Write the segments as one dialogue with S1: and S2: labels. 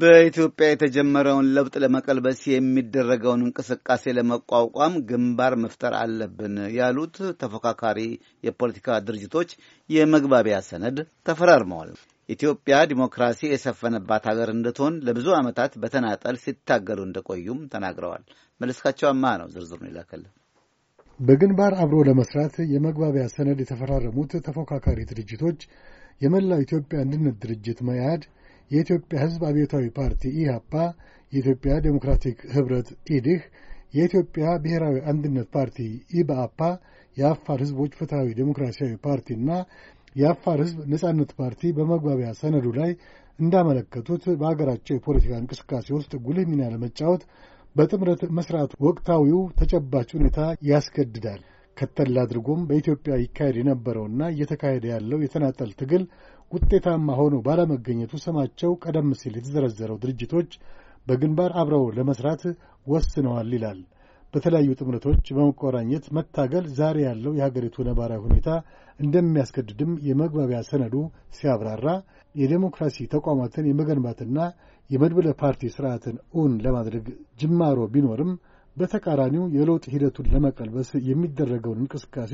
S1: በኢትዮጵያ የተጀመረውን ለውጥ ለመቀልበስ የሚደረገውን እንቅስቃሴ ለመቋቋም ግንባር መፍጠር አለብን ያሉት ተፎካካሪ የፖለቲካ ድርጅቶች የመግባቢያ ሰነድ ተፈራርመዋል። ኢትዮጵያ ዲሞክራሲ የሰፈነባት ሀገር እንድትሆን ለብዙ ዓመታት በተናጠል ሲታገሉ እንደቆዩም ተናግረዋል። መለስካቸው አማ ነው ዝርዝሩን ይላከል።
S2: በግንባር አብሮ ለመስራት የመግባቢያ ሰነድ የተፈራረሙት ተፎካካሪ ድርጅቶች የመላው ኢትዮጵያ አንድነት ድርጅት መያድ፣ የኢትዮጵያ ሕዝብ አብዮታዊ ፓርቲ ኢህአፓ፣ የኢትዮጵያ ዴሞክራቲክ ኅብረት ኢድህ፣ የኢትዮጵያ ብሔራዊ አንድነት ፓርቲ ኢበአፓ፣ የአፋር ሕዝቦች ፍትሐዊ ዴሞክራሲያዊ ፓርቲና የአፋር ሕዝብ ነጻነት ፓርቲ በመግባቢያ ሰነዱ ላይ እንዳመለከቱት በሀገራቸው የፖለቲካ እንቅስቃሴ ውስጥ ጉልህ ሚና ለመጫወት በጥምረት መስራት ወቅታዊው ተጨባጭ ሁኔታ ያስገድዳል። ከተል አድርጎም በኢትዮጵያ ይካሄድ የነበረውና እየተካሄደ ያለው የተናጠል ትግል ውጤታማ ሆኖ ባለመገኘቱ ስማቸው ቀደም ሲል የተዘረዘረው ድርጅቶች በግንባር አብረው ለመስራት ወስነዋል ይላል። በተለያዩ ጥምረቶች በመቆራኘት መታገል ዛሬ ያለው የሀገሪቱ ነባራዊ ሁኔታ እንደሚያስገድድም የመግባቢያ ሰነዱ ሲያብራራ የዴሞክራሲ ተቋማትን የመገንባትና የመድብለ ፓርቲ ስርዓትን እውን ለማድረግ ጅማሮ ቢኖርም በተቃራኒው የለውጥ ሂደቱን ለመቀልበስ የሚደረገውን እንቅስቃሴ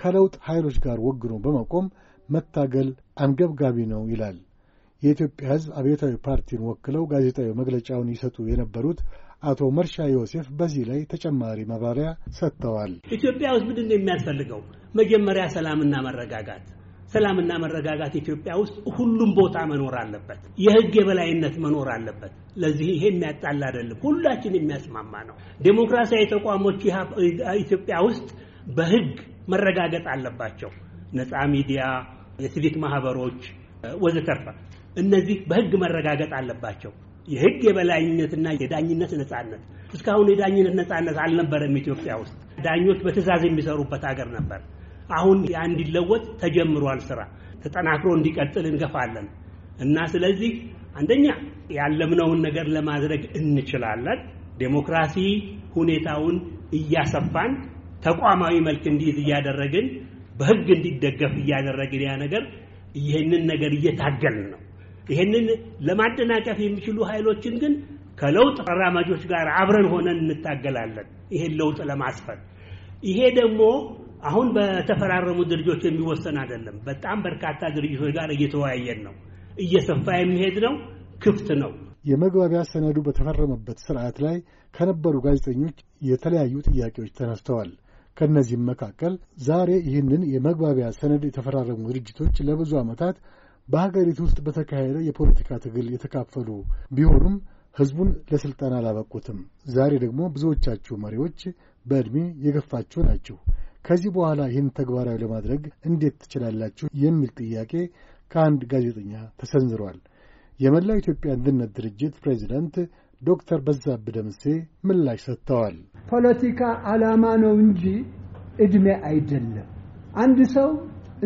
S2: ከለውጥ ኃይሎች ጋር ወግኖ በመቆም መታገል አንገብጋቢ ነው ይላል። የኢትዮጵያ ሕዝብ አብዮታዊ ፓርቲን ወክለው ጋዜጣዊ መግለጫውን ይሰጡ የነበሩት አቶ መርሻ ዮሴፍ በዚህ ላይ ተጨማሪ መብራሪያ ሰጥተዋል።
S1: ኢትዮጵያ ውስጥ ምንድን ነው የሚያስፈልገው? መጀመሪያ ሰላምና መረጋጋት ሰላምና መረጋጋት ኢትዮጵያ ውስጥ ሁሉም ቦታ መኖር አለበት። የህግ የበላይነት መኖር አለበት። ለዚህ ይሄ የሚያጣላ አይደለም፣ ሁላችን የሚያስማማ ነው። ዴሞክራሲያዊ ተቋሞች ኢትዮጵያ ውስጥ በህግ መረጋገጥ አለባቸው። ነፃ ሚዲያ፣ የሲቪክ ማህበሮች ወዘተርፈ እነዚህ በህግ መረጋገጥ አለባቸው። የህግ የበላይነትና የዳኝነት ነጻነት እስካሁን የዳኝነት ነጻነት አልነበረም ኢትዮጵያ ውስጥ ዳኞች በትዕዛዝ የሚሰሩበት ሀገር ነበር። አሁን ያ እንዲለወጥ ተጀምሯል ስራ ተጠናክሮ እንዲቀጥል እንገፋለን እና ስለዚህ አንደኛ ያለምነውን ነገር ለማድረግ እንችላለን። ዴሞክራሲ ሁኔታውን እያሰፋን ተቋማዊ መልክ እንዲይዝ እያደረግን በህግ እንዲደገፍ እያደረግን ያ ነገር ይህንን ነገር እየታገልን ነው። ይህንን ለማደናቀፍ የሚችሉ ኃይሎችን ግን ከለውጥ ተራማጆች ጋር አብረን ሆነን እንታገላለን፣ ይሄን ለውጥ ለማስፈን። ይሄ ደግሞ አሁን በተፈራረሙ ድርጅቶች የሚወሰን አይደለም። በጣም በርካታ ድርጅቶች ጋር እየተወያየን ነው። እየሰፋ የሚሄድ ነው። ክፍት ነው።
S2: የመግባቢያ ሰነዱ በተፈረመበት ስርዓት ላይ ከነበሩ ጋዜጠኞች የተለያዩ ጥያቄዎች ተነስተዋል። ከእነዚህም መካከል ዛሬ ይህንን የመግባቢያ ሰነድ የተፈራረሙ ድርጅቶች ለብዙ ዓመታት በሀገሪቱ ውስጥ በተካሄደ የፖለቲካ ትግል የተካፈሉ ቢሆኑም ሕዝቡን ለሥልጣን አላበቁትም። ዛሬ ደግሞ ብዙዎቻችሁ መሪዎች በዕድሜ የገፋችሁ ናችሁ። ከዚህ በኋላ ይህን ተግባራዊ ለማድረግ እንዴት ትችላላችሁ የሚል ጥያቄ ከአንድ ጋዜጠኛ ተሰንዝሯል። የመላው ኢትዮጵያ አንድነት
S3: ድርጅት ፕሬዚዳንት ዶክተር በዛብህ ደምሴ ምላሽ ሰጥተዋል። ፖለቲካ ዓላማ ነው እንጂ ዕድሜ አይደለም። አንድ ሰው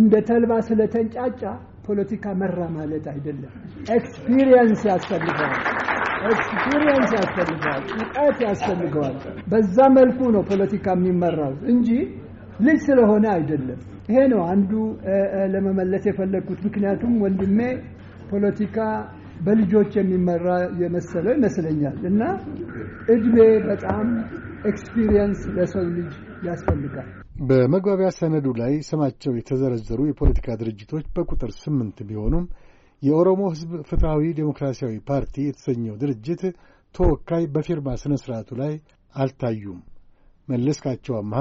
S3: እንደ ተልባ ስለተንጫጫ ፖለቲካ መራ ማለት አይደለም። ኤክስፒሪየንስ ያስፈልገዋል። ኤክስፒሪየንስ ያስፈልገዋል። እውቀት ያስፈልገዋል። በዛ መልኩ ነው ፖለቲካ የሚመራው እንጂ ልጅ ስለሆነ አይደለም። ይሄ ነው አንዱ ለመመለስ የፈለግኩት። ምክንያቱም ወንድሜ ፖለቲካ በልጆች የሚመራ የመሰለው ይመስለኛል እና እድሜ በጣም ኤክስፒሪየንስ ለሰው ልጅ ያስፈልጋል።
S2: በመግባቢያ ሰነዱ ላይ ስማቸው የተዘረዘሩ የፖለቲካ ድርጅቶች በቁጥር ስምንት ቢሆኑም የኦሮሞ ሕዝብ ፍትሐዊ ዴሞክራሲያዊ ፓርቲ የተሰኘው ድርጅት ተወካይ በፊርማ ስነ ስርዓቱ ላይ አልታዩም። መለስካቸው አምሃ